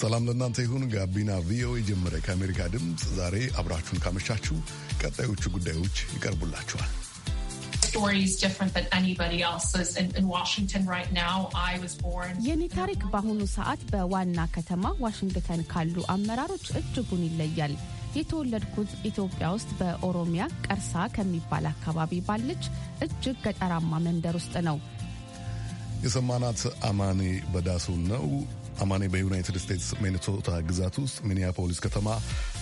ሰላም ለእናንተ ይሁን። ጋቢና ቪኦኤ ጀመረ። ከአሜሪካ ድምፅ ዛሬ አብራችሁን ካመሻችሁ ቀጣዮቹ ጉዳዮች ይቀርቡላችኋል። የኔ ታሪክ በአሁኑ ሰዓት በዋና ከተማ ዋሽንግተን ካሉ አመራሮች እጅጉን ይለያል። የተወለድኩት ኢትዮጵያ ውስጥ በኦሮሚያ ቀርሳ ከሚባል አካባቢ ባለች እጅግ ገጠራማ መንደር ውስጥ ነው። የሰማናት አማኔ በዳሶን ነው። አማኔ በዩናይትድ ስቴትስ ሚኒሶታ ግዛት ውስጥ ሚኒያፖሊስ ከተማ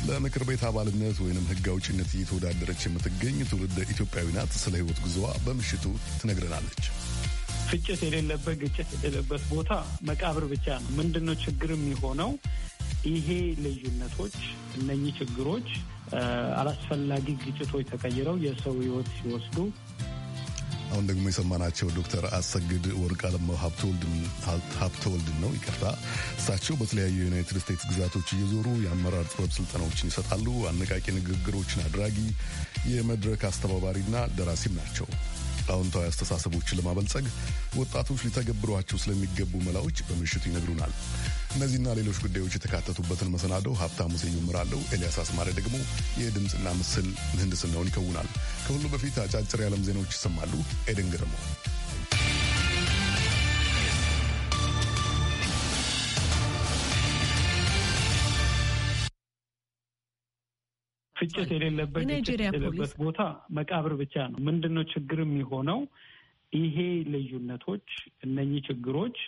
ለምክር ቤት አባልነት ወይም ሕግ አውጭነት እየተወዳደረች የምትገኝ ትውልደ ኢትዮጵያዊ ናት። ስለ ሕይወት ጉዞዋ በምሽቱ ትነግረናለች። ፍጭት የሌለበት ግጭት የሌለበት ቦታ መቃብር ብቻ ነው። ምንድነው ችግር የሚሆነው? ይሄ ልዩነቶች፣ እነኚህ ችግሮች አላስፈላጊ ግጭቶች ተቀይረው የሰው ሕይወት ሲወስዱ አሁን ደግሞ የሰማናቸው ዶክተር አሰግድ ወርቅ አለማው ሀብተወልድን ነው። ይቅርታ። እሳቸው በተለያዩ የዩናይትድ ስቴትስ ግዛቶች እየዞሩ የአመራር ጥበብ ስልጠናዎችን ይሰጣሉ። አነቃቂ ንግግሮችን አድራጊ፣ የመድረክ አስተባባሪና ደራሲም ናቸው። አዎንታዊ አስተሳሰቦችን ለማበልጸግ ወጣቶች ሊተገብሯቸው ስለሚገቡ መላዎች በምሽቱ ይነግሩናል። እነዚህና ሌሎች ጉዳዮች የተካተቱበትን መሰናደው ሀብታሙ ስዩም እመራለሁ። ኤልያስ አስማሪ ደግሞ የድምፅና ምስል ምህንድስናውን ይከውናል። ከሁሉ በፊት አጫጭር የዓለም ዜናዎች ይሰማሉ። ኤደን ገረመው ፍጭት የሌለበት የሌለበት ቦታ መቃብር ብቻ ነው። ምንድን ነው ችግር የሚሆነው? ይሄ ልዩነቶች እነኚህ ችግሮች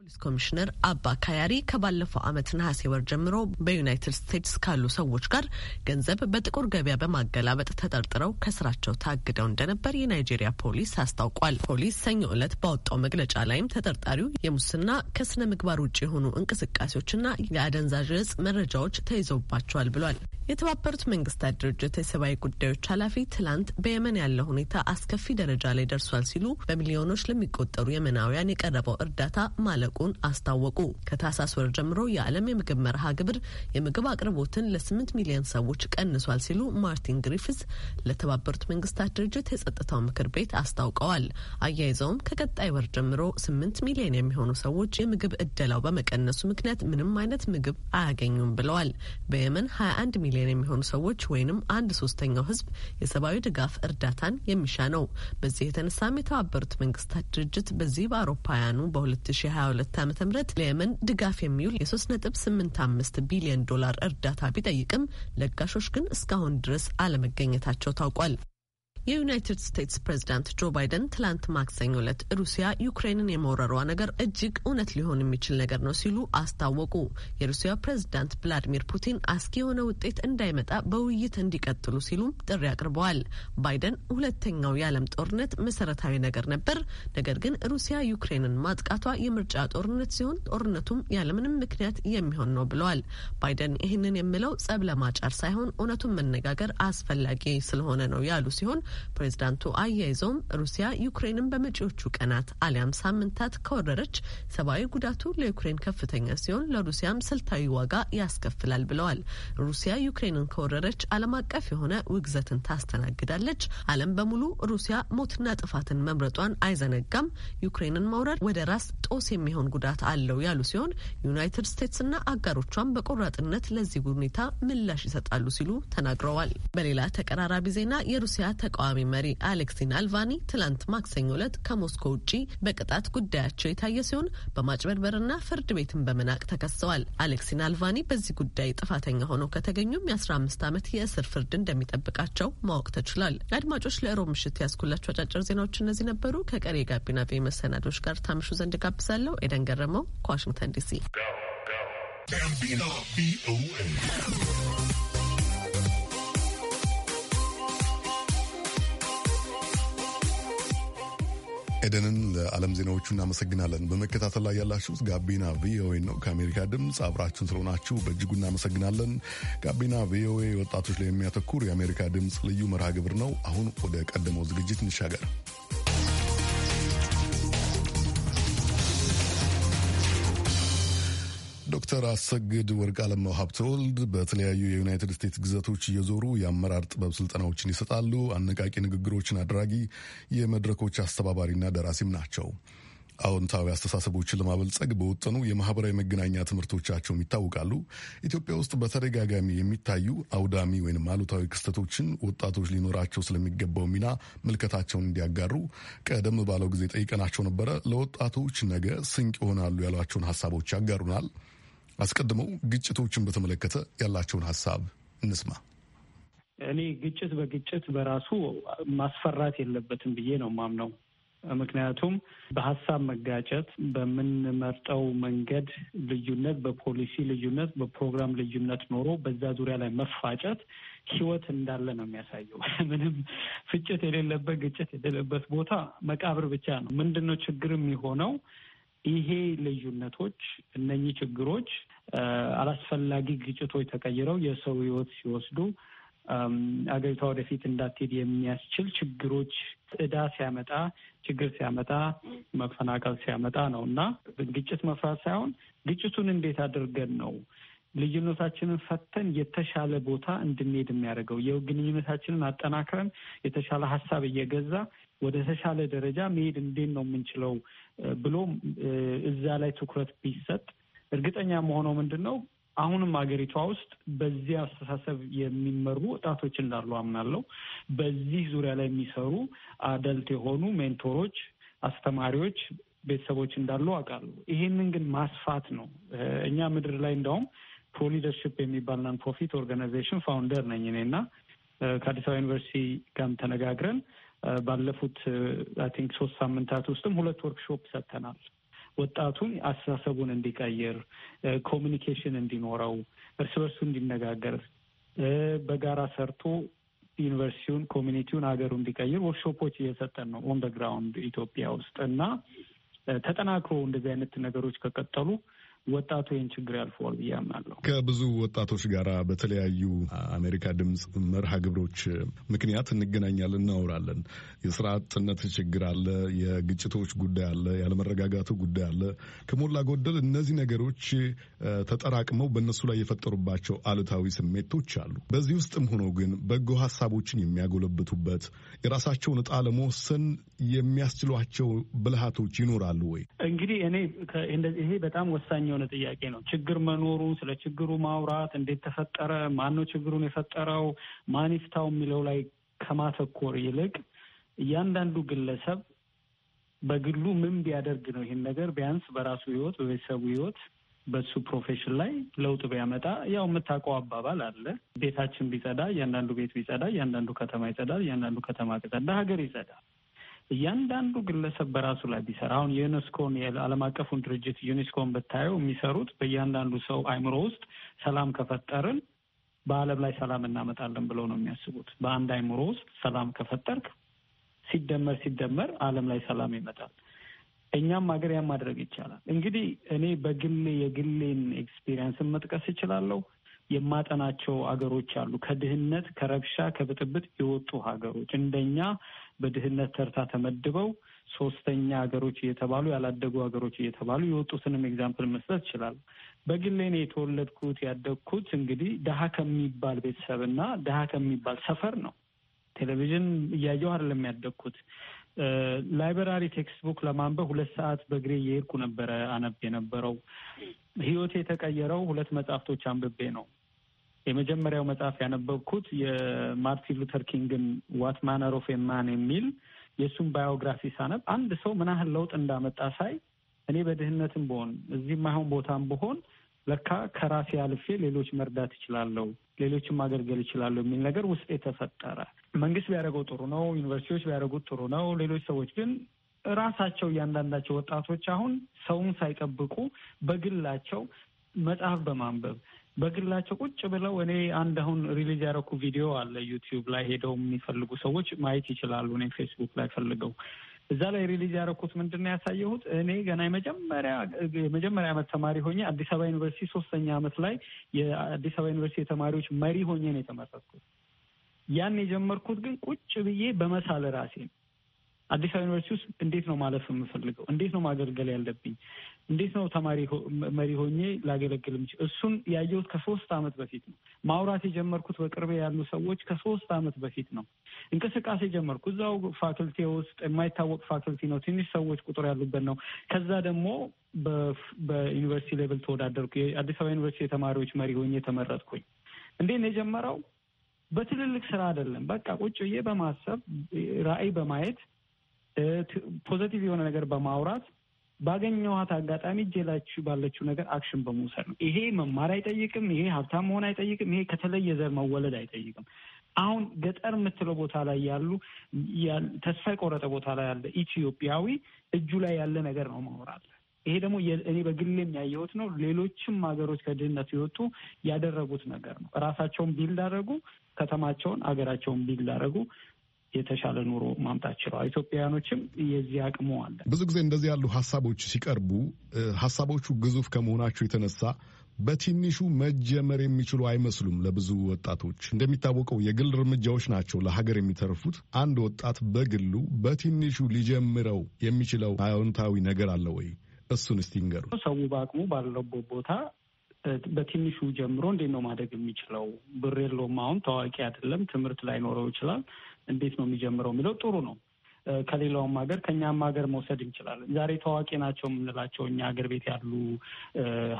ፖሊስ ኮሚሽነር አባ ካያሪ ከባለፈው ዓመት ነሐሴ ወር ጀምሮ በዩናይትድ ስቴትስ ካሉ ሰዎች ጋር ገንዘብ በጥቁር ገበያ በማገላበጥ ተጠርጥረው ከስራቸው ታግደው እንደነበር የናይጄሪያ ፖሊስ አስታውቋል። ፖሊስ ሰኞ ዕለት ባወጣው መግለጫ ላይም ተጠርጣሪው የሙስና ከስነ ምግባር ውጭ የሆኑ እንቅስቃሴዎችና የአደንዛዥ እጽ መረጃዎች ተይዘውባቸዋል ብሏል። የተባበሩት መንግስታት ድርጅት የሰብአዊ ጉዳዮች ኃላፊ ትላንት በየመን ያለው ሁኔታ አስከፊ ደረጃ ላይ ደርሷል ሲሉ በሚሊዮኖች ለሚቆጠሩ የመናውያን የቀረበው እርዳታ ማለ ማጽደቁን አስታወቁ። ከታህሳስ ወር ጀምሮ የዓለም የምግብ መርሃ ግብር የምግብ አቅርቦትን ለ8 ሚሊዮን ሰዎች ቀንሷል ሲሉ ማርቲን ግሪፍስ ለተባበሩት መንግስታት ድርጅት የጸጥታው ምክር ቤት አስታውቀዋል። አያይዘውም ከቀጣይ ወር ጀምሮ 8 ሚሊዮን የሚሆኑ ሰዎች የምግብ እደላው በመቀነሱ ምክንያት ምንም አይነት ምግብ አያገኙም ብለዋል። በየመን 21 ሚሊዮን የሚሆኑ ሰዎች ወይንም አንድ ሶስተኛው ህዝብ የሰብአዊ ድጋፍ እርዳታን የሚሻ ነው። በዚህ የተነሳም የተባበሩት መንግስታት ድርጅት በዚህ በአውሮፓውያኑ በ2022 2012 ዓ ም ለየመን ድጋፍ የሚውል የ3.85 ቢሊዮን ዶላር እርዳታ ቢጠይቅም ለጋሾች ግን እስካሁን ድረስ አለመገኘታቸው ታውቋል። የዩናይትድ ስቴትስ ፕሬዚዳንት ጆ ባይደን ትላንት ማክሰኞ ዕለት ሩሲያ ዩክሬንን የመውረሯ ነገር እጅግ እውነት ሊሆን የሚችል ነገር ነው ሲሉ አስታወቁ። የሩሲያ ፕሬዚዳንት ቭላዲሚር ፑቲን አስጊ የሆነ ውጤት እንዳይመጣ በውይይት እንዲቀጥሉ ሲሉም ጥሪ አቅርበዋል። ባይደን ሁለተኛው የዓለም ጦርነት መሰረታዊ ነገር ነበር፣ ነገር ግን ሩሲያ ዩክሬንን ማጥቃቷ የምርጫ ጦርነት ሲሆን ጦርነቱም ያለምንም ምክንያት የሚሆን ነው ብለዋል። ባይደን ይህንን የምለው ጸብ ለማጫር ሳይሆን እውነቱን መነጋገር አስፈላጊ ስለሆነ ነው ያሉ ሲሆን ፕሬዚዳንቱ አያይዘውም ሩሲያ ዩክሬንን በመጪዎቹ ቀናት አሊያም ሳምንታት ከወረረች ሰብአዊ ጉዳቱ ለዩክሬን ከፍተኛ ሲሆን ለሩሲያም ስልታዊ ዋጋ ያስከፍላል ብለዋል። ሩሲያ ዩክሬንን ከወረረች ዓለም አቀፍ የሆነ ውግዘትን ታስተናግዳለች። ዓለም በሙሉ ሩሲያ ሞትና ጥፋትን መምረጧን አይዘነጋም። ዩክሬንን መውረር ወደ ራስ ጦስ የሚሆን ጉዳት አለው ያሉ ሲሆን ዩናይትድ ስቴትስና አጋሮቿን በቆራጥነት ለዚህ ሁኔታ ምላሽ ይሰጣሉ ሲሉ ተናግረዋል። በሌላ ተቀራራቢ ዜና የሩሲያ ተቃዋ ተቃዋሚ መሪ አሌክሲን አልቫኒ ትላንት ማክሰኞ ዕለት ከሞስኮ ውጪ በቅጣት ጉዳያቸው የታየ ሲሆን በማጭበርበርና ፍርድ ቤትን በመናቅ ተከሰዋል። አሌክሲን አልቫኒ በዚህ ጉዳይ ጥፋተኛ ሆነው ከተገኙም የአስራ አምስት ዓመት የእስር ፍርድ እንደሚጠብቃቸው ማወቅ ተችሏል። አድማጮች ለሮብ ምሽት ያስኩላቸው አጫጭር ዜናዎች እነዚህ ነበሩ። ከቀሪ የጋቢና ቤ መሰናዶች ጋር ታምሹ ዘንድ ጋብዛለሁ። ኤደን ገረመው ከዋሽንግተን ዲሲ ኤደንን ለዓለም ዜናዎቹ እናመሰግናለን። በመከታተል ላይ ያላችሁት ጋቢና ቪኦኤ ነው ከአሜሪካ ድምፅ። አብራችሁን ስለሆናችሁ በእጅጉ እናመሰግናለን። ጋቢና ቪኦኤ ወጣቶች ላይ የሚያተኩር የአሜሪካ ድምፅ ልዩ መርሃ ግብር ነው። አሁን ወደ ቀደመው ዝግጅት እንሻገር። ዶክተር አሰግድ ወርቅ አለማው ሀብተወልድ በተለያዩ የዩናይትድ ስቴትስ ግዛቶች እየዞሩ የአመራር ጥበብ ስልጠናዎችን ይሰጣሉ። አነቃቂ ንግግሮችን አድራጊ፣ የመድረኮች አስተባባሪና ደራሲም ናቸው። አዎንታዊ አስተሳሰቦችን ለማበልጸግ በወጠኑ የማህበራዊ መገናኛ ትምህርቶቻቸውም ይታወቃሉ። ኢትዮጵያ ውስጥ በተደጋጋሚ የሚታዩ አውዳሚ ወይም አሉታዊ ክስተቶችን ወጣቶች ሊኖራቸው ስለሚገባው ሚና ምልከታቸውን እንዲያጋሩ ቀደም ባለው ጊዜ ጠይቀናቸው ነበረ። ለወጣቶች ነገ ስንቅ ይሆናሉ ያሏቸውን ሀሳቦች ያጋሩናል። አስቀድመው ግጭቶችን በተመለከተ ያላቸውን ሀሳብ እንስማ። እኔ ግጭት በግጭት በራሱ ማስፈራት የለበትም ብዬ ነው ማምነው። ምክንያቱም በሀሳብ መጋጨት፣ በምንመርጠው መንገድ ልዩነት፣ በፖሊሲ ልዩነት፣ በፕሮግራም ልዩነት ኖሮ በዛ ዙሪያ ላይ መፋጨት ህይወት እንዳለ ነው የሚያሳየው። ምንም ፍጭት የሌለበት ግጭት የሌለበት ቦታ መቃብር ብቻ ነው። ምንድን ነው ችግር የሚሆነው? ይሄ ልዩነቶች፣ እነኚህ ችግሮች አላስፈላጊ ግጭቶች ተቀይረው የሰው ህይወት ሲወስዱ አገሪቷ ወደፊት እንዳትሄድ የሚያስችል ችግሮች እዳ ሲያመጣ ችግር ሲያመጣ መፈናቀል ሲያመጣ ነው እና ግጭት መፍራት ሳይሆን ግጭቱን እንዴት አድርገን ነው ልዩነታችንን ፈተን የተሻለ ቦታ እንድንሄድ የሚያደርገው የግንኙነታችንን አጠናክረን የተሻለ ሀሳብ እየገዛ ወደ ተሻለ ደረጃ መሄድ እንዴት ነው የምንችለው ብሎ እዛ ላይ ትኩረት ቢሰጥ እርግጠኛ መሆነው ምንድን ነው አሁንም ሀገሪቷ ውስጥ በዚህ አስተሳሰብ የሚመሩ ወጣቶች እንዳሉ አምናለሁ። በዚህ ዙሪያ ላይ የሚሰሩ አደልት የሆኑ ሜንቶሮች፣ አስተማሪዎች፣ ቤተሰቦች እንዳሉ አውቃለሁ። ይሄንን ግን ማስፋት ነው። እኛ ምድር ላይ እንደውም ፕሮሊደርሽፕ የሚባል ናን ፕሮፊት ኦርጋናይዜሽን ፋውንደር ነኝ እኔ እና ከአዲስ አበባ ዩኒቨርሲቲ ጋርም ተነጋግረን ባለፉት አይ ቲንክ ሶስት ሳምንታት ውስጥም ሁለት ወርክሾፕ ሰጥተናል። ወጣቱን አስተሳሰቡን እንዲቀይር፣ ኮሚኒኬሽን እንዲኖረው፣ እርስ በርሱ እንዲነጋገር፣ በጋራ ሰርቶ ዩኒቨርሲቲውን፣ ኮሚኒቲውን፣ ሀገሩ እንዲቀይር ወርክሾፖች እየሰጠን ነው ኦን ደ ግራውንድ ኢትዮጵያ ውስጥ እና ተጠናክሮ እንደዚህ አይነት ነገሮች ከቀጠሉ ወጣቱ ይህን ችግር ያልፈዋል ብዬ አምናለሁ። ከብዙ ወጣቶች ጋር በተለያዩ አሜሪካ ድምፅ መርሃ ግብሮች ምክንያት እንገናኛለን፣ እናወራለን። የስራ አጥነት ችግር አለ፣ የግጭቶች ጉዳይ አለ፣ ያለመረጋጋቱ ጉዳይ አለ። ከሞላ ጎደል እነዚህ ነገሮች ተጠራቅመው በእነሱ ላይ የፈጠሩባቸው አሉታዊ ስሜቶች አሉ። በዚህ ውስጥም ሆኖ ግን በጎ ሀሳቦችን የሚያጎለብቱበት የራሳቸውን እጣ ለመወሰን የሚያስችሏቸው ብልሃቶች ይኖራሉ ወይ? እንግዲህ እኔ ይሄ በጣም ወሳኝ የሆነ ጥያቄ ነው። ችግር መኖሩ፣ ስለ ችግሩ ማውራት፣ እንዴት ተፈጠረ፣ ማን ነው ችግሩን የፈጠረው፣ ማን ይፍታው የሚለው ላይ ከማተኮር ይልቅ እያንዳንዱ ግለሰብ በግሉ ምን ቢያደርግ ነው ይህን ነገር ቢያንስ በራሱ ህይወት፣ በቤተሰቡ ህይወት፣ በሱ ፕሮፌሽን ላይ ለውጥ ቢያመጣ። ያው የምታውቀው አባባል አለ ቤታችን ቢጸዳ፣ እያንዳንዱ ቤት ቢጸዳ፣ እያንዳንዱ ከተማ ይጸዳል፣ እያንዳንዱ ከተማ ቢጸዳ፣ ሀገር ይጸዳል። እያንዳንዱ ግለሰብ በራሱ ላይ ቢሰራ አሁን የዩኔስኮን የዓለም አቀፉን ድርጅት ዩኔስኮን ብታየው የሚሰሩት በእያንዳንዱ ሰው አይምሮ ውስጥ ሰላም ከፈጠርን በዓለም ላይ ሰላም እናመጣለን ብለው ነው የሚያስቡት። በአንድ አይምሮ ውስጥ ሰላም ከፈጠርክ ሲደመር ሲደመር ዓለም ላይ ሰላም ይመጣል። እኛም ሀገር ያን ማድረግ ይቻላል። እንግዲህ እኔ በግሌ የግሌን ኤክስፒሪየንስን መጥቀስ እችላለሁ። የማጠናቸው አገሮች አሉ። ከድህነት ከረብሻ፣ ከብጥብጥ የወጡ ሀገሮች እንደኛ በድህነት ተርታ ተመድበው ሶስተኛ ሀገሮች እየተባሉ ያላደጉ ሀገሮች እየተባሉ የወጡትንም ኤግዛምፕል መስጠት ይችላል። በግሌ የተወለድኩት ያደግኩት እንግዲህ ድሀ ከሚባል ቤተሰብና ድሀ ከሚባል ሰፈር ነው። ቴሌቪዥን እያየው አይደለም ያደግኩት። ላይብራሪ ቴክስት ቡክ ለማንበብ ሁለት ሰዓት በእግሬ እየሄድኩ ነበረ አነብ የነበረው። ህይወቴ የተቀየረው ሁለት መጽሐፍቶች አንብቤ ነው። የመጀመሪያው መጽሐፍ ያነበብኩት የማርቲን ሉተር ኪንግን ዋት ማነር ኦፍ ማን የሚል የእሱም ባዮግራፊ ሳነብ አንድ ሰው ምን ያህል ለውጥ እንዳመጣ ሳይ እኔ በድህነትም ብሆን እዚህ አይሆን ቦታም ብሆን ለካ ከራሴ አልፌ ሌሎች መርዳት እችላለሁ፣ ሌሎችም ማገልገል እችላለሁ የሚል ነገር ውስጤ ተፈጠረ። መንግስት ቢያደርገው ጥሩ ነው፣ ዩኒቨርሲቲዎች ቢያደርጉት ጥሩ ነው። ሌሎች ሰዎች ግን ራሳቸው እያንዳንዳቸው ወጣቶች አሁን ሰውን ሳይጠብቁ በግላቸው መጽሐፍ በማንበብ በግላቸው ቁጭ ብለው እኔ አንድ አሁን ሪሊዝ ያደረኩ ቪዲዮ አለ ዩቲዩብ ላይ ሄደው የሚፈልጉ ሰዎች ማየት ይችላሉ። እኔ ፌስቡክ ላይ ፈልገው እዛ ላይ ሪሊዝ ያደረኩት ምንድን ነው ያሳየሁት እኔ ገና የመጀመሪያ የመጀመሪያ ዓመት ተማሪ ሆኜ አዲስ አበባ ዩኒቨርሲቲ ሶስተኛ ዓመት ላይ የአዲስ አበባ ዩኒቨርሲቲ የተማሪዎች መሪ ሆኜ ነው የተመረጥኩት። ያን የጀመርኩት ግን ቁጭ ብዬ በመሳል ራሴ ነው አዲስ አበባ ዩኒቨርሲቲ ውስጥ እንዴት ነው ማለፍ የምፈልገው? እንዴት ነው ማገልገል ያለብኝ? እንዴት ነው ተማሪ መሪ ሆኜ ላገለግል የምችል? እሱን ያየሁት ከሶስት ዓመት በፊት ነው። ማውራት የጀመርኩት በቅርቤ ያሉ ሰዎች ከሶስት ዓመት በፊት ነው። እንቅስቃሴ ጀመርኩ። እዛው ፋክልቲ ውስጥ የማይታወቅ ፋክልቲ ነው፣ ትንሽ ሰዎች ቁጥር ያሉበት ነው። ከዛ ደግሞ በዩኒቨርሲቲ ሌቭል ተወዳደርኩ። የአዲስ አበባ ዩኒቨርሲቲ የተማሪዎች መሪ ሆኜ ተመረጥኩኝ። እንዴት ነው የጀመረው? በትልልቅ ስራ አይደለም። በቃ ቁጭ ብዬ በማሰብ ራዕይ በማየት ፖዘቲቭ የሆነ ነገር በማውራት ባገኘኋት አጋጣሚ እጄላችሁ ባለችው ነገር አክሽን በመውሰድ ነው። ይሄ መማር አይጠይቅም። ይሄ ሀብታም መሆን አይጠይቅም። ይሄ ከተለየ ዘር መወለድ አይጠይቅም። አሁን ገጠር የምትለው ቦታ ላይ ያሉ ተስፋ የቆረጠ ቦታ ላይ ያለ ኢትዮጵያዊ እጁ ላይ ያለ ነገር ነው ማውራት። ይሄ ደግሞ እኔ በግል የሚያየሁት ነው። ሌሎችም ሀገሮች ከድህነት የወጡ ያደረጉት ነገር ነው። ራሳቸውን ቢልድ አደረጉ፣ ከተማቸውን፣ ሀገራቸውን ቢልድ አደረጉ። የተሻለ ኑሮ ማምጣት ችለዋል። ኢትዮጵያውያኖችም የዚህ አቅሙ አለ። ብዙ ጊዜ እንደዚህ ያሉ ሀሳቦች ሲቀርቡ ሀሳቦቹ ግዙፍ ከመሆናቸው የተነሳ በትንሹ መጀመር የሚችሉ አይመስሉም ለብዙ ወጣቶች። እንደሚታወቀው የግል እርምጃዎች ናቸው ለሀገር የሚተርፉት። አንድ ወጣት በግሉ በትንሹ ሊጀምረው የሚችለው አዎንታዊ ነገር አለ ወይ? እሱን እስቲ ንገሩ። ሰው በአቅሙ ባለበት ቦታ በትንሹ ጀምሮ እንዴት ነው ማደግ የሚችለው? ብር የለውም፣ አሁን ታዋቂ አይደለም፣ ትምህርት ላይኖረው ይችላል። እንዴት ነው የሚጀምረው የሚለው ጥሩ ነው። ከሌላውም ሀገር ከእኛም ሀገር መውሰድ እንችላለን። ዛሬ ታዋቂ ናቸው የምንላቸው እኛ ሀገር ቤት ያሉ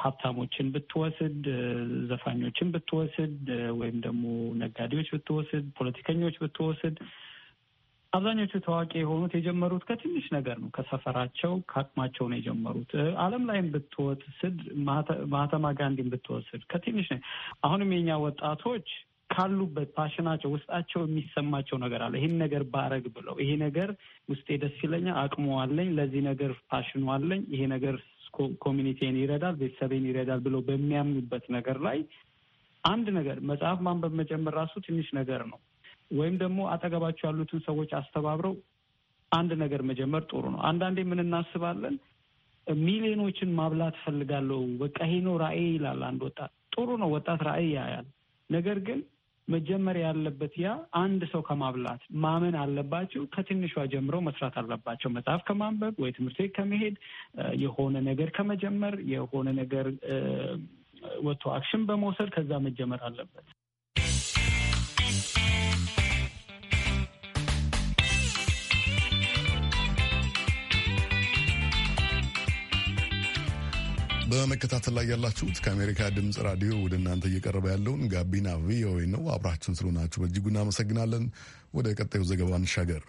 ሀብታሞችን ብትወስድ፣ ዘፋኞችን ብትወስድ፣ ወይም ደግሞ ነጋዴዎች ብትወስድ፣ ፖለቲከኞች ብትወስድ አብዛኞቹ ታዋቂ የሆኑት የጀመሩት ከትንሽ ነገር ነው። ከሰፈራቸው ከአቅማቸው ነው የጀመሩት። ዓለም ላይም ብትወስድ ማህተማ ጋንዲን ብትወስድ ከትንሽ ነ አሁንም የኛ ወጣቶች ካሉበት ፓሽናቸው ውስጣቸው የሚሰማቸው ነገር አለ። ይህን ነገር ባረግ ብለው ይሄ ነገር ውስጤ ደስ ይለኛል፣ አቅሙ አለኝ፣ ለዚህ ነገር ፓሽኑ አለኝ፣ ይሄ ነገር ኮሚኒቲን ይረዳል፣ ቤተሰቤን ይረዳል ብለው በሚያምኑበት ነገር ላይ አንድ ነገር መጽሐፍ ማንበብ መጀመር ራሱ ትንሽ ነገር ነው። ወይም ደግሞ አጠገባቸው ያሉትን ሰዎች አስተባብረው አንድ ነገር መጀመር ጥሩ ነው። አንዳንዴ ምን እናስባለን? ሚሊዮኖችን ማብላት ፈልጋለሁ፣ በቃ ይሄ ነው ራዕይ ይላል አንድ ወጣት። ጥሩ ነው፣ ወጣት ራዕይ ያያል። ነገር ግን መጀመሪያ ያለበት ያ አንድ ሰው ከማብላት ማመን አለባቸው። ከትንሿ ጀምሮ መስራት አለባቸው። መጽሐፍ ከማንበብ ወይ ትምህርት ቤት ከመሄድ የሆነ ነገር ከመጀመር የሆነ ነገር ወጥቶ አክሽን በመውሰድ ከዛ መጀመር አለበት። በመከታተል ላይ ያላችሁት ከአሜሪካ ድምፅ ራዲዮ ወደ እናንተ እየቀረበ ያለውን ጋቢና ቪኦኤ ነው። አብራችን ስለሆናችሁ በእጅጉ እናመሰግናለን። ወደ ቀጣዩ ዘገባ እንሻገር።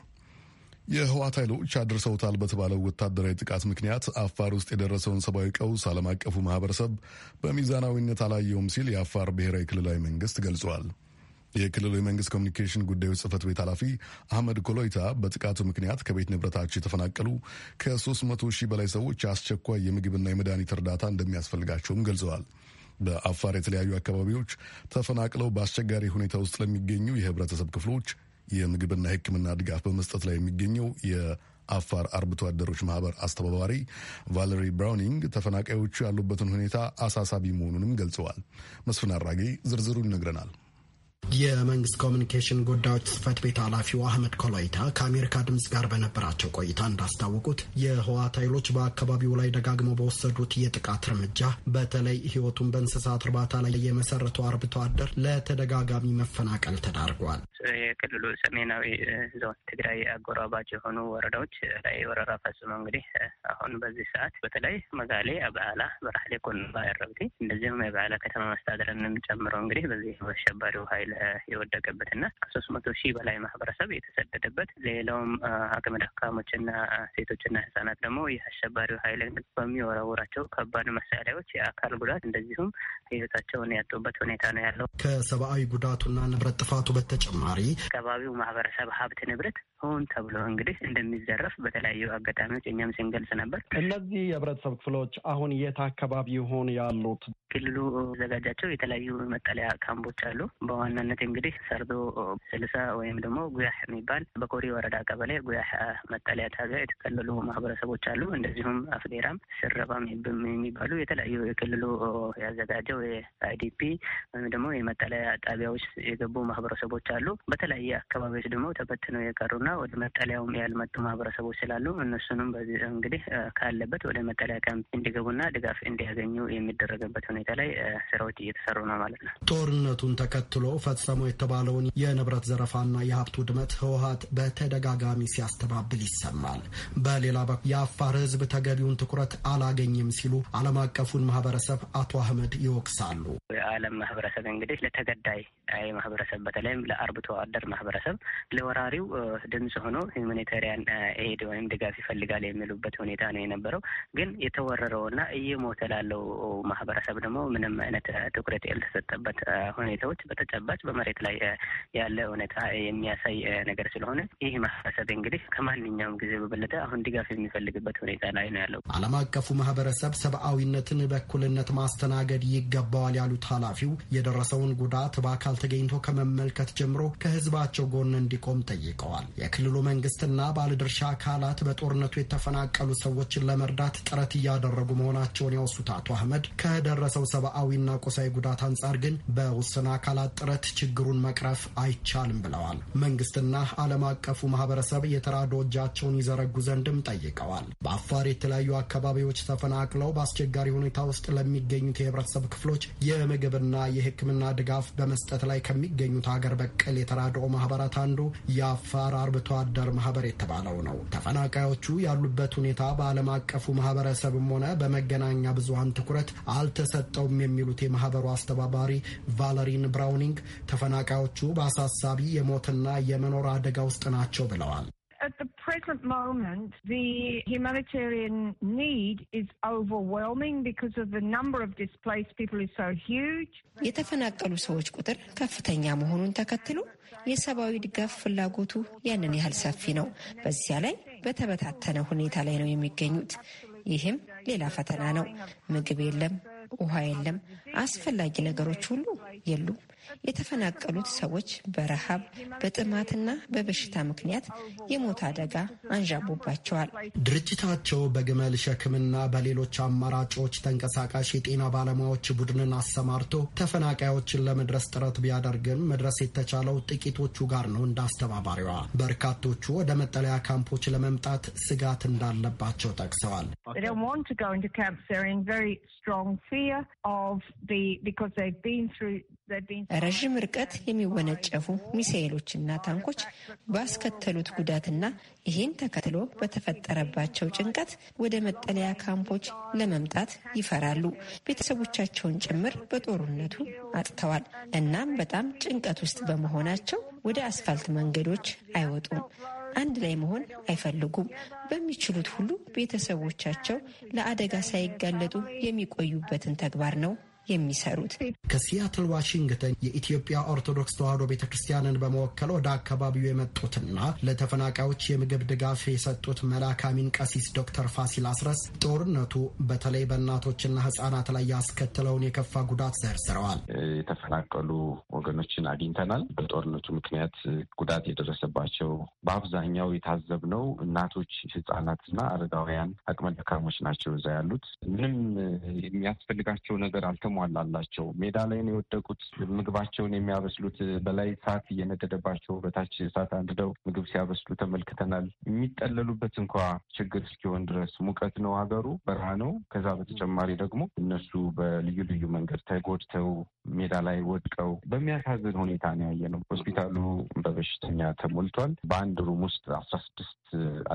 የህዋት ኃይሎች አድርሰውታል በተባለው ወታደራዊ ጥቃት ምክንያት አፋር ውስጥ የደረሰውን ሰብአዊ ቀውስ ዓለም አቀፉ ማህበረሰብ በሚዛናዊነት አላየውም ሲል የአፋር ብሔራዊ ክልላዊ መንግስት ገልጿል። የክልሉ የመንግስት ኮሚኒኬሽን ጉዳዮች ጽህፈት ቤት ኃላፊ አህመድ ኮሎይታ በጥቃቱ ምክንያት ከቤት ንብረታቸው የተፈናቀሉ ከ300 ሺህ በላይ ሰዎች አስቸኳይ የምግብና የመድኃኒት እርዳታ እንደሚያስፈልጋቸውም ገልጸዋል። በአፋር የተለያዩ አካባቢዎች ተፈናቅለው በአስቸጋሪ ሁኔታ ውስጥ ለሚገኙ የህብረተሰብ ክፍሎች የምግብና የሕክምና ድጋፍ በመስጠት ላይ የሚገኘው የአፋር አርብቶ አደሮች ማህበር አስተባባሪ ቫለሪ ብራውኒንግ ተፈናቃዮቹ ያሉበትን ሁኔታ አሳሳቢ መሆኑንም ገልጸዋል። መስፍን አራጌ ዝርዝሩን ይነግረናል። የመንግስት ኮሚኒኬሽን ጉዳዮች ጽህፈት ቤት ኃላፊው አህመድ ኮሎይታ ከአሜሪካ ድምፅ ጋር በነበራቸው ቆይታ እንዳስታወቁት የህወሓት ኃይሎች በአካባቢው ላይ ደጋግመው በወሰዱት የጥቃት እርምጃ በተለይ ህይወቱን በእንስሳት እርባታ ላይ የመሰረቱ አርብቶ አደር ለተደጋጋሚ መፈናቀል ተዳርጓል። የክልሉ ሰሜናዊ ዞን ትግራይ አጎራባች የሆኑ ወረዳዎች ላይ ወረራ ፈጽሞ እንግዲህ አሁን በዚህ ሰዓት በተለይ መጋሌ፣ አበዓላ፣ በራህሌ፣ ኮንባ፣ ያረብቲ እንደዚሁም የበዓላ ከተማ መስተዳደርንም ጨምሮ እንግዲህ በዚህ አሸባሪው ኃይል የወደቀበት እና ከሶስት መቶ ሺህ በላይ ማህበረሰብ የተሰደደበት ሌላውም አቅመ ደካሞችና ሴቶችና ህጻናት ደግሞ የአሸባሪው ኃይል በሚወረውራቸው ከባድ መሳሪያዎች የአካል ጉዳት እንደዚሁም ህይወታቸውን ያጡበት ሁኔታ ነው ያለው። ከሰብአዊ ጉዳቱና ንብረት ጥፋቱ በተጨማሪ አካባቢው ማህበረሰብ ሀብት ንብረት ሆን ተብሎ እንግዲህ እንደሚዘረፍ በተለያዩ አጋጣሚዎች እኛም ስንገልጽ ነበር። እነዚህ የህብረተሰብ ክፍሎች አሁን የት አካባቢ ይሆን ያሉት? ክልሉ ዘጋጃቸው የተለያዩ መጠለያ ካምቦች አሉ። በዋና በዋናነት እንግዲህ ሰርዶ ስልሳ ወይም ደግሞ ጉያህ የሚባል በኮሪ ወረዳ ቀበሌ ጉያህ መጠለያ ጣቢያ የተከለሉ ማህበረሰቦች አሉ። እንደዚሁም አፍዴራም፣ ስረባም የሚባሉ የተለያዩ የክልሉ ያዘጋጀው የአይዲፒ ወይም ደግሞ የመጠለያ ጣቢያዎች የገቡ ማህበረሰቦች አሉ። በተለያየ አካባቢዎች ደግሞ ተበትነው የቀሩና ወደ መጠለያውም ያልመጡ ማህበረሰቦች ስላሉ እነሱንም በዚህ እንግዲህ ካለበት ወደ መጠለያ ካምፕ እንዲገቡና ድጋፍ እንዲያገኙ የሚደረግበት ሁኔታ ላይ ስራዎች እየተሰሩ ነው ማለት ነው። ጦርነቱን ተከትሎ ፈጸሙ የተባለውን የንብረት ዘረፋና የሀብት ውድመት ህወሀት በተደጋጋሚ ሲያስተባብል ይሰማል። በሌላ በኩል የአፋር ህዝብ ተገቢውን ትኩረት አላገኘም ሲሉ ዓለም አቀፉን ማህበረሰብ አቶ አህመድ ይወቅሳሉ። የዓለም ማህበረሰብ እንግዲህ ለተገዳይ ማህበረሰብ በተለይም ለአርብቶ አደር ማህበረሰብ ለወራሪው ድምጽ ሆኖ ሁማኒታሪያን ኤድ ወይም ድጋፍ ይፈልጋል የሚሉበት ሁኔታ ነው የነበረው። ግን የተወረረውና እየሞተ ላለው ማህበረሰብ ደግሞ ምንም አይነት ትኩረት ያልተሰጠበት ሁኔታዎች በተጨባጭ በተጨባጭ በመሬት ላይ ያለ እውነታ የሚያሳይ ነገር ስለሆነ ይህ ማህበረሰብ እንግዲህ ከማንኛውም ጊዜ በበለጠ አሁን ድጋፍ የሚፈልግበት ሁኔታ ላይ ነው ያለው። ዓለም አቀፉ ማህበረሰብ ሰብአዊነትን በእኩልነት ማስተናገድ ይገባዋል ያሉት ኃላፊው የደረሰውን ጉዳት በአካል ተገኝቶ ከመመልከት ጀምሮ ከህዝባቸው ጎን እንዲቆም ጠይቀዋል። የክልሉ መንግስትና ባለድርሻ አካላት በጦርነቱ የተፈናቀሉ ሰዎችን ለመርዳት ጥረት እያደረጉ መሆናቸውን ያወሱት አቶ አህመድ ከደረሰው ሰብአዊና ቁሳዊ ጉዳት አንጻር ግን በውስን አካላት ጥረት ችግሩን መቅረፍ አይቻልም ብለዋል። መንግስትና ዓለም አቀፉ ማህበረሰብ የተራዶ እጃቸውን ይዘረጉ ዘንድም ጠይቀዋል። በአፋር የተለያዩ አካባቢዎች ተፈናቅለው በአስቸጋሪ ሁኔታ ውስጥ ለሚገኙት የህብረተሰብ ክፍሎች የምግብና የሕክምና ድጋፍ በመስጠት ላይ ከሚገኙት ሀገር በቀል የተራድኦ ማህበራት አንዱ የአፋር አርብቶ አደር ማህበር የተባለው ነው። ተፈናቃዮቹ ያሉበት ሁኔታ በዓለም አቀፉ ማህበረሰብም ሆነ በመገናኛ ብዙሀን ትኩረት አልተሰጠውም የሚሉት የማህበሩ አስተባባሪ ቫለሪን ብራውኒንግ ተፈናቃዮቹ በአሳሳቢ የሞትና የመኖር አደጋ ውስጥ ናቸው ብለዋል። present moment, the humanitarian need is overwhelming because of the number of displaced people is so huge. የተፈናቀሉ ሰዎች ቁጥር ከፍተኛ መሆኑን ተከትሎ የሰብአዊ ድጋፍ ፍላጎቱ ያንን ያህል ሰፊ ነው። በዚያ ላይ በተበታተነ ሁኔታ ላይ ነው የሚገኙት። ይህም ሌላ ፈተና ነው። ምግብ የለም፣ ውሃ የለም፣ አስፈላጊ ነገሮች ሁሉ የሉም። የተፈናቀሉት ሰዎች በረሃብ በጥማትና በበሽታ ምክንያት የሞት አደጋ አንዣቦባቸዋል። ድርጅታቸው በግመል ሸክምና በሌሎች አማራጮች ተንቀሳቃሽ የጤና ባለሙያዎች ቡድንን አሰማርቶ ተፈናቃዮችን ለመድረስ ጥረት ቢያደርግም መድረስ የተቻለው ጥቂቶቹ ጋር ነው። እንደ አስተባባሪዋ በርካቶቹ ወደ መጠለያ ካምፖች ለመምጣት ስጋት እንዳለባቸው ጠቅሰዋል። ረዥም ርቀት የሚወነጨፉ ሚሳኤሎችና ታንኮች ባስከተሉት ጉዳትና ይህን ተከትሎ በተፈጠረባቸው ጭንቀት ወደ መጠለያ ካምፖች ለመምጣት ይፈራሉ። ቤተሰቦቻቸውን ጭምር በጦርነቱ አጥተዋል። እናም በጣም ጭንቀት ውስጥ በመሆናቸው ወደ አስፋልት መንገዶች አይወጡም። አንድ ላይ መሆን አይፈልጉም። በሚችሉት ሁሉ ቤተሰቦቻቸው ለአደጋ ሳይጋለጡ የሚቆዩበትን ተግባር ነው የሚሰሩት። ከሲያትል ዋሽንግተን የኢትዮጵያ ኦርቶዶክስ ተዋሕዶ ቤተ ክርስቲያንን በመወከል ወደ አካባቢው የመጡትና ለተፈናቃዮች የምግብ ድጋፍ የሰጡት መላካሚን ቀሲስ ዶክተር ፋሲል አስረስ ጦርነቱ በተለይ በእናቶችና ህጻናት ላይ ያስከትለውን የከፋ ጉዳት ዘርዝረዋል። የተፈናቀሉ ወገኖችን አግኝተናል። በጦርነቱ ምክንያት ጉዳት የደረሰባቸው በአብዛኛው የታዘብነው እናቶች፣ ሕጻናትና አረጋውያን አቅመ ደካሞች ናቸው። እዛ ያሉት ምንም የሚያስፈልጋቸው ነገር አልተሞ አላቸው። ሜዳ ላይ ነው የወደቁት። ምግባቸውን የሚያበስሉት በላይ እሳት እየነደደባቸው በታች እሳት አንድደው ምግብ ሲያበስሉ ተመልክተናል። የሚጠለሉበት እንኳ ችግር እስኪሆን ድረስ ሙቀት ነው ሀገሩ፣ በረሃ ነው። ከዛ በተጨማሪ ደግሞ እነሱ በልዩ ልዩ መንገድ ተጎድተው ሜዳ ላይ ወድቀው በሚያሳዝን ሁኔታ ነው ያየ ነው። ሆስፒታሉ በበሽተኛ ተሞልቷል። በአንድ ሩም ውስጥ አስራ ስድስት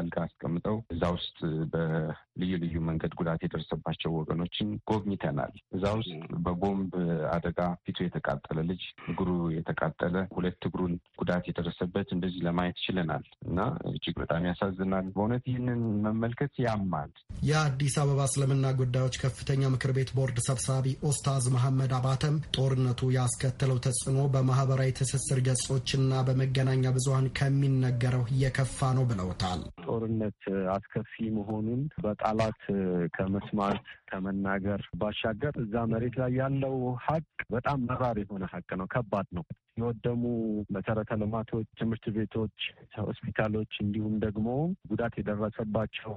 አልጋ አስቀምጠው እዛ ውስጥ በልዩ ልዩ መንገድ ጉዳት የደረሰባቸው ወገኖችን ጎብኝተናል። እዛ ውስጥ በቦምብ አደጋ ፊቱ የተቃጠለ ልጅ፣ እግሩ የተቃጠለ ሁለት እግሩን ጉዳት የደረሰበት እንደዚህ ለማየት ችለናል እና እጅግ በጣም ያሳዝናል። በእውነት ይህንን መመልከት ያማል። የአዲስ አበባ እስልምና ጉዳዮች ከፍተኛ ምክር ቤት ቦርድ ሰብሳቢ ኦስታዝ መሐመድ አባተም ጦርነቱ ያስከተለው ተጽዕኖ በማህበራዊ ትስስር ገጾችና በመገናኛ ብዙሀን ከሚነገረው የከፋ ነው ብለውታል። ጦርነት አስከፊ መሆኑን በቃላት ከመስማት ከመናገር ባሻገር እዛ መሬት ላይ ያለው ሀቅ በጣም መራር የሆነ ሀቅ ነው። ከባድ ነው። የወደሙ መሰረተ ልማቶች፣ ትምህርት ቤቶች፣ ሆስፒታሎች እንዲሁም ደግሞ ጉዳት የደረሰባቸው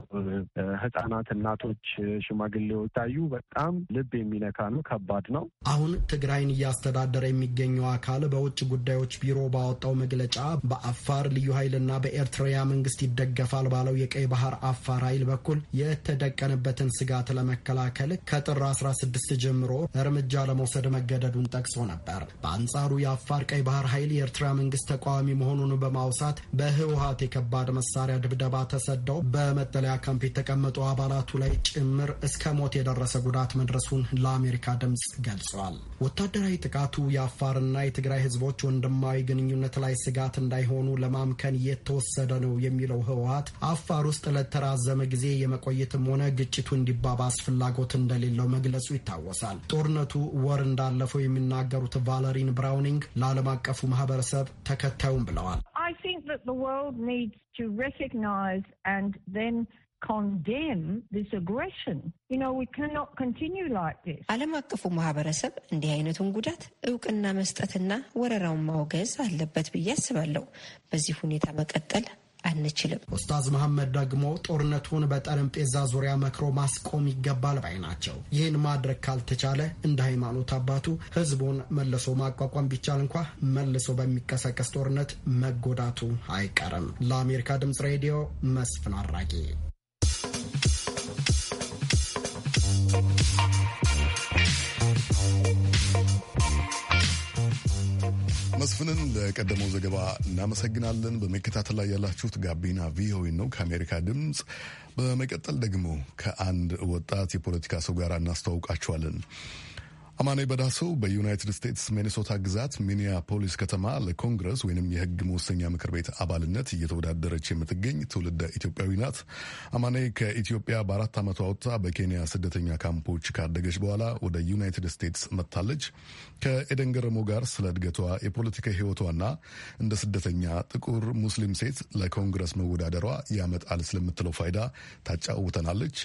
ህጻናት፣ እናቶች፣ ሽማግሌዎች ታዩ። በጣም ልብ የሚነካ ነው። ከባድ ነው። አሁን ትግራይን እያስተዳደረ የሚገኘው አካል በውጭ ጉዳዮች ቢሮ ባወጣው መግለጫ በአፋር ልዩ ኃይልና በኤርትራ መንግስት ይደገፋል ያልፋል ባለው የቀይ ባህር አፋር ኃይል በኩል የተደቀነበትን ስጋት ለመከላከል ከጥር 16 ጀምሮ እርምጃ ለመውሰድ መገደዱን ጠቅሶ ነበር። በአንጻሩ የአፋር ቀይ ባህር ኃይል የኤርትራ መንግስት ተቃዋሚ መሆኑን በማውሳት በህወሀት የከባድ መሳሪያ ድብደባ ተሰደው በመጠለያ ካምፕ የተቀመጡ አባላቱ ላይ ጭምር እስከ ሞት የደረሰ ጉዳት መድረሱን ለአሜሪካ ድምፅ ገልጿል። ወታደራዊ ጥቃቱ የአፋርና የትግራይ ህዝቦች ወንድማዊ ግንኙነት ላይ ስጋት እንዳይሆኑ ለማምከን የተወሰደ ነው የሚለው ህወሀት አካላት አፋር ውስጥ ለተራዘመ ጊዜ የመቆየትም ሆነ ግጭቱ እንዲባባስ ፍላጎት እንደሌለው መግለጹ ይታወሳል። ጦርነቱ ወር እንዳለፈው የሚናገሩት ቫለሪን ብራውኒንግ ለዓለም አቀፉ ማህበረሰብ ተከታዩም ብለዋል። ዓለም አቀፉ ማህበረሰብ እንዲህ አይነቱን ጉዳት እውቅና መስጠትና ወረራውን ማውገዝ አለበት ብዬ አስባለሁ። በዚህ ሁኔታ መቀጠል አንችልም። ኡስታዝ መሐመድ ደግሞ ጦርነቱን በጠረጴዛ ዙሪያ መክሮ ማስቆም ይገባል ባይ ናቸው። ይህን ማድረግ ካልተቻለ እንደ ሃይማኖት አባቱ ህዝቡን መልሶ ማቋቋም ቢቻል እንኳ መልሶ በሚቀሰቀስ ጦርነት መጎዳቱ አይቀርም። ለአሜሪካ ድምጽ ሬዲዮ መስፍን አራጌ መስፍንን ለቀደመው ዘገባ እናመሰግናለን። በመከታተል ላይ ያላችሁት ጋቢና ቪኦኤ ነው ከአሜሪካ ድምፅ። በመቀጠል ደግሞ ከአንድ ወጣት የፖለቲካ ሰው ጋር እናስተዋውቃችኋለን። አማኔ በዳሰው በዩናይትድ ስቴትስ ሚኔሶታ ግዛት ሚኒያፖሊስ ከተማ ለኮንግረስ ወይንም የህግ መወሰኛ ምክር ቤት አባልነት እየተወዳደረች የምትገኝ ትውልደ ኢትዮጵያዊ ናት። አማኔ ከኢትዮጵያ በአራት ዓመቷ ወጥታ በኬንያ ስደተኛ ካምፖች ካደገች በኋላ ወደ ዩናይትድ ስቴትስ መጥታለች። ከኤደን ገረሞ ጋር ስለ እድገቷ፣ የፖለቲካ ሕይወቷና እንደ ስደተኛ ጥቁር ሙስሊም ሴት ለኮንግረስ መወዳደሯ ያመጣል ስለምትለው ፋይዳ ታጫውተናለች።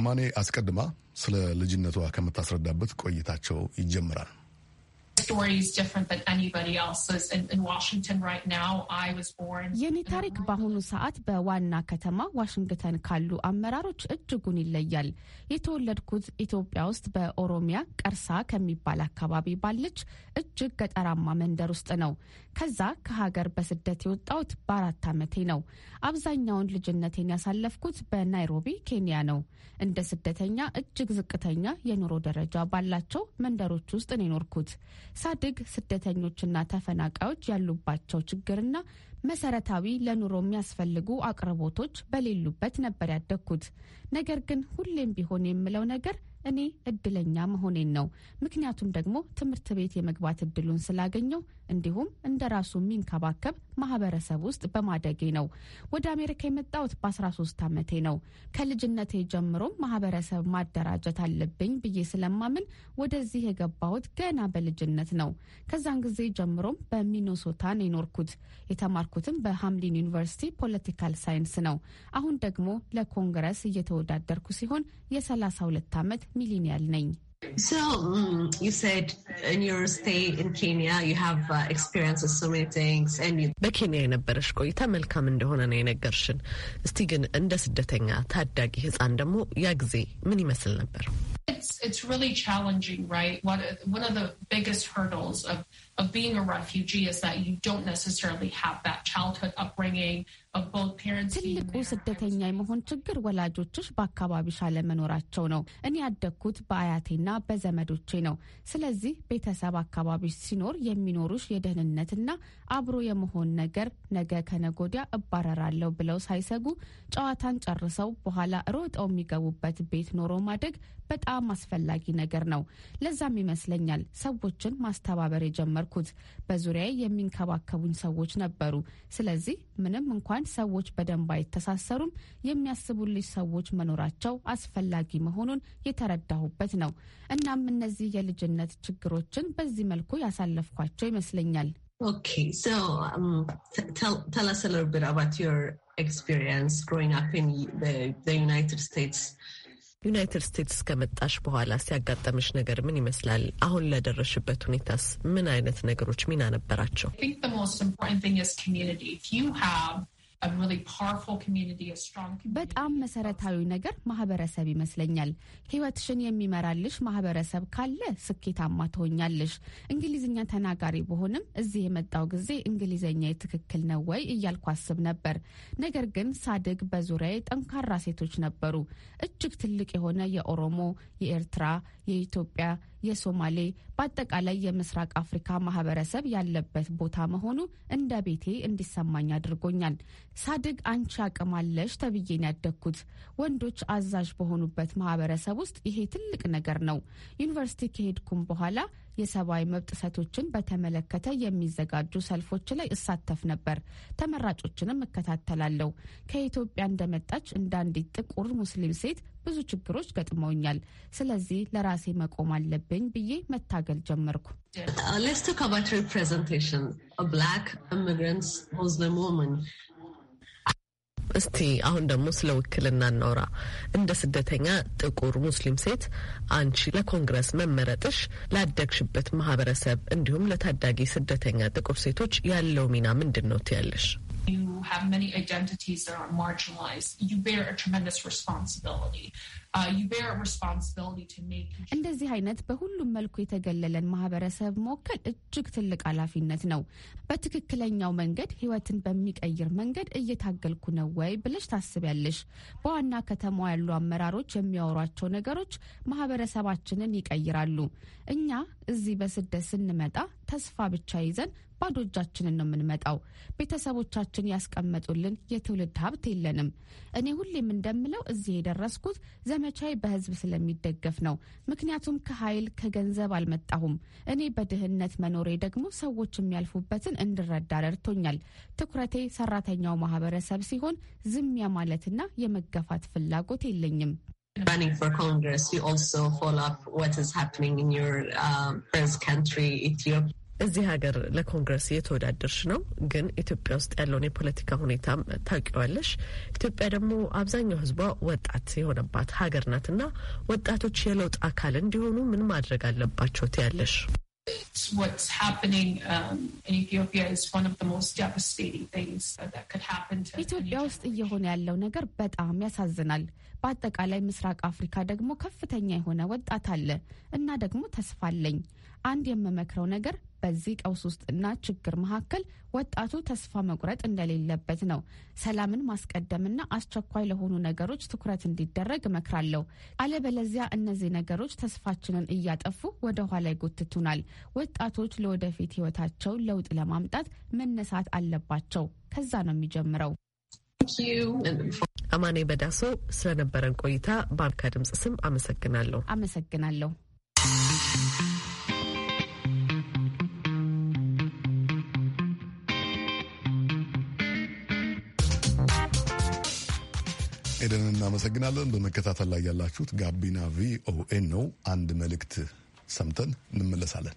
አማኔ አስቀድማ ስለ ልጅነቷ ከምታስረዳበት ቆይታቸው ይጀምራል። የኔ ታሪክ በአሁኑ ሰዓት በዋና ከተማ ዋሽንግተን ካሉ አመራሮች እጅጉን ይለያል። የተወለድኩት ኢትዮጵያ ውስጥ በኦሮሚያ ቀርሳ ከሚባል አካባቢ ባለች እጅግ ገጠራማ መንደር ውስጥ ነው። ከዛ ከሀገር በስደት የወጣሁት በአራት ዓመቴ ነው። አብዛኛውን ልጅነቴን ያሳለፍኩት በናይሮቢ ኬንያ ነው። እንደ ስደተኛ እጅግ ዝቅተኛ የኑሮ ደረጃ ባላቸው መንደሮች ውስጥ ነው የኖርኩት። ሳድግ ስደተኞችና ተፈናቃዮች ያሉባቸው ችግርና መሰረታዊ ለኑሮ የሚያስፈልጉ አቅርቦቶች በሌሉበት ነበር ያደግኩት። ነገር ግን ሁሌም ቢሆን የምለው ነገር እኔ እድለኛ መሆኔን ነው። ምክንያቱም ደግሞ ትምህርት ቤት የመግባት እድሉን ስላገኘው እንዲሁም እንደ ራሱ የሚንከባከብ ማህበረሰብ ውስጥ በማደጌ ነው። ወደ አሜሪካ የመጣሁት በ13 ዓመቴ ነው። ከልጅነቴ ጀምሮም ማህበረሰብ ማደራጀት አለብኝ ብዬ ስለማምን ወደዚህ የገባሁት ገና በልጅነት ነው። ከዛን ጊዜ ጀምሮም በሚኖሶታን የኖርኩት የተማርኩትም በሃምሊን ዩኒቨርሲቲ ፖለቲካል ሳይንስ ነው። አሁን ደግሞ ለኮንግረስ እየተወዳደርኩ ሲሆን የ32 ዓመት ሚሊኒያል ነኝ። So um, you said in your stay in Kenya you have uh, experienced so many things and you... በኬንያ የነበረሽ ቆይታ መልካም እንደሆነ ነው የነገርሽን። እስቲ ግን እንደ ስደተኛ ታዳጊ ደግሞ ያ ጊዜ ምን ይመስል ነበር? It's it's really challenging, right? One one of the biggest hurdles of of being a refugee is that you don't necessarily have that childhood upbringing of both parents. ትልቁ ስደተኛ የመሆን ችግር ወላጆችሽ በአካባቢሽ አለመኖራቸው ነው። እኔ ያደግኩት በአያቴና በዘመዶቼ ነው። ስለዚህ ቤተሰብ አካባቢሽ ሲኖር የሚኖሩሽ የደህንነትና አብሮ የመሆን ነገር ነገ ከነጎዲያ እባረራለሁ ብለው ሳይሰጉ ጨዋታን ጨርሰው በኋላ ሮጠው የሚገቡበት ቤት ኖሮ ማደግ በጣም አስፈላጊ ነገር ነው። ለዛም ይመስለኛል ሰዎችን ማስተባበር የጀመርኩት። በዙሪያ የሚንከባከቡኝ ሰዎች ነበሩ። ስለዚህ ምንም እንኳን ሰዎች በደንብ አይተሳሰሩም፣ የሚያስቡልሽ ሰዎች መኖራቸው አስፈላጊ መሆኑን የተረዳሁበት ነው። እናም እነዚህ የልጅነት ችግሮችን በዚህ መልኩ ያሳለፍኳቸው ይመስለኛል። ኦኬ ሶ ተል አስ ዩናይትድ ስቴትስ ከመጣሽ በኋላ ሲያጋጠመሽ ነገር ምን ይመስላል? አሁን ለደረሽበት ሁኔታስ ምን አይነት ነገሮች ሚና ነበራቸው? በጣም መሰረታዊ ነገር ማህበረሰብ ይመስለኛል። ህይወትሽን የሚመራልሽ ማህበረሰብ ካለ ስኬታማ ትሆኛለሽ። እንግሊዝኛ ተናጋሪ ብሆንም እዚህ የመጣው ጊዜ እንግሊዝኛ የትክክል ነው ወይ እያልኩ አስብ ነበር። ነገር ግን ሳድግ በዙሪያዬ ጠንካራ ሴቶች ነበሩ። እጅግ ትልቅ የሆነ የኦሮሞ፣ የኤርትራ፣ የኢትዮጵያ የሶማሌ በአጠቃላይ የምስራቅ አፍሪካ ማህበረሰብ ያለበት ቦታ መሆኑ እንደ ቤቴ እንዲሰማኝ አድርጎኛል። ሳድግ አንቺ አቅማለሽ ተብዬን ያደግኩት ወንዶች አዛዥ በሆኑበት ማህበረሰብ ውስጥ ይሄ ትልቅ ነገር ነው። ዩኒቨርሲቲ ከሄድኩም በኋላ የሰብአዊ መብት ጥሰቶችን በተመለከተ የሚዘጋጁ ሰልፎች ላይ እሳተፍ ነበር። ተመራጮችንም እከታተላለሁ። ከኢትዮጵያ እንደመጣች እንዳንዲት ጥቁር ሙስሊም ሴት ብዙ ችግሮች ገጥመውኛል። ስለዚህ ለራሴ መቆም አለብኝ ብዬ መታገል ጀመርኩ። uh, እስቲ አሁን ደግሞ ስለ ውክልና እናውራ። እንደ ስደተኛ ጥቁር ሙስሊም ሴት አንቺ ለኮንግረስ መመረጥሽ ላደግሽበት ማህበረሰብ እንዲሁም ለታዳጊ ስደተኛ ጥቁር ሴቶች ያለው ሚና ምንድን ነው ትያለሽ? You have many identities that are marginalized. You bear a tremendous responsibility. Uh, እንደዚህ አይነት በሁሉም መልኩ የተገለለን ማህበረሰብ መወከል እጅግ ትልቅ ኃላፊነት ነው። በትክክለኛው መንገድ ህይወትን በሚቀይር መንገድ እየታገልኩ ነው ወይ ብለሽ ታስቢያለሽ። በዋና ከተማ ያሉ አመራሮች የሚያወሯቸው ነገሮች ማህበረሰባችንን ይቀይራሉ። እኛ እዚህ በስደት ስንመጣ ተስፋ ብቻ ይዘን ባዶ እጃችንን ነው የምንመጣው። ቤተሰቦቻችን ያስቀመጡልን የትውልድ ሀብት የለንም። እኔ ሁሌም እንደምለው እዚህ የደረስኩት ዘመቻዬ በህዝብ ስለሚደገፍ ነው። ምክንያቱም ከኃይል ከገንዘብ አልመጣሁም። እኔ በድህነት መኖሬ ደግሞ ሰዎች የሚያልፉበትን እንድረዳ ረድቶኛል። ትኩረቴ ሰራተኛው ማህበረሰብ ሲሆን ዝሚያ ማለትና የመገፋት ፍላጎት የለኝም። running for Congress, you also follow up what is happening in your uh, um, friends' country, Ethiopia. እዚህ ሀገር ለኮንግረስ እየተወዳደርሽ ነው፣ ግን ኢትዮጵያ ውስጥ ያለውን የፖለቲካ ሁኔታም ታውቂዋለሽ። ኢትዮጵያ ደግሞ አብዛኛው ሕዝቧ ወጣት የሆነባት ሀገር ናትና ወጣቶች የለውጥ አካል እንዲሆኑ ምን ማድረግ አለባቸው ትያለሽ? Um, ኢትዮጵያ ውስጥ እየሆነ ያለው ነገር በጣም ያሳዝናል። በአጠቃላይ ምስራቅ አፍሪካ ደግሞ ከፍተኛ የሆነ ወጣት አለ እና ደግሞ ተስፋ አለኝ። አንድ የምመክረው ነገር በዚህ ቀውስ ውስጥና ችግር መካከል ወጣቱ ተስፋ መቁረጥ እንደሌለበት ነው። ሰላምን ማስቀደምና አስቸኳይ ለሆኑ ነገሮች ትኩረት እንዲደረግ እመክራለሁ። አለበለዚያ እነዚህ ነገሮች ተስፋችንን እያጠፉ ወደ ኋላ ይጎትቱናል። ወጣቶች ለወደፊት ህይወታቸው ለውጥ ለማምጣት መነሳት አለባቸው። ከዛ ነው የሚጀምረው። አማኔ በዳሶ ስለነበረን ቆይታ በአሜሪካ ድምጽ ስም አመሰግናለሁ። አመሰግናለሁ። ኤደን እናመሰግናለን። በመከታተል ላይ ያላችሁት ጋቢና ቪኦኤን ነው። አንድ መልእክት ሰምተን እንመለሳለን።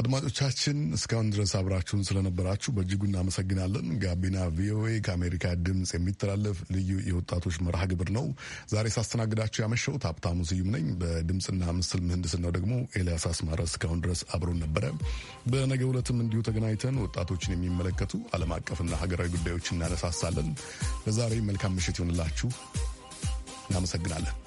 አድማጮቻችን እስካሁን ድረስ አብራችሁን ስለነበራችሁ በእጅጉ እናመሰግናለን። ጋቢና ቪኦኤ ከአሜሪካ ድምፅ የሚተላለፍ ልዩ የወጣቶች መርሃ ግብር ነው። ዛሬ ሳስተናግዳችሁ ያመሸሁት ሀብታሙ ስዩም ነኝ። በድምፅና ምስል ምህንድስናው ደግሞ ኤልያስ አስማረ እስካሁን ድረስ አብሮን ነበረ። በነገ ዕለትም እንዲሁ ተገናኝተን ወጣቶችን የሚመለከቱ ዓለም አቀፍና ሀገራዊ ጉዳዮች እናነሳሳለን። ለዛሬ መልካም ምሽት ይሆንላችሁ። እናመሰግናለን።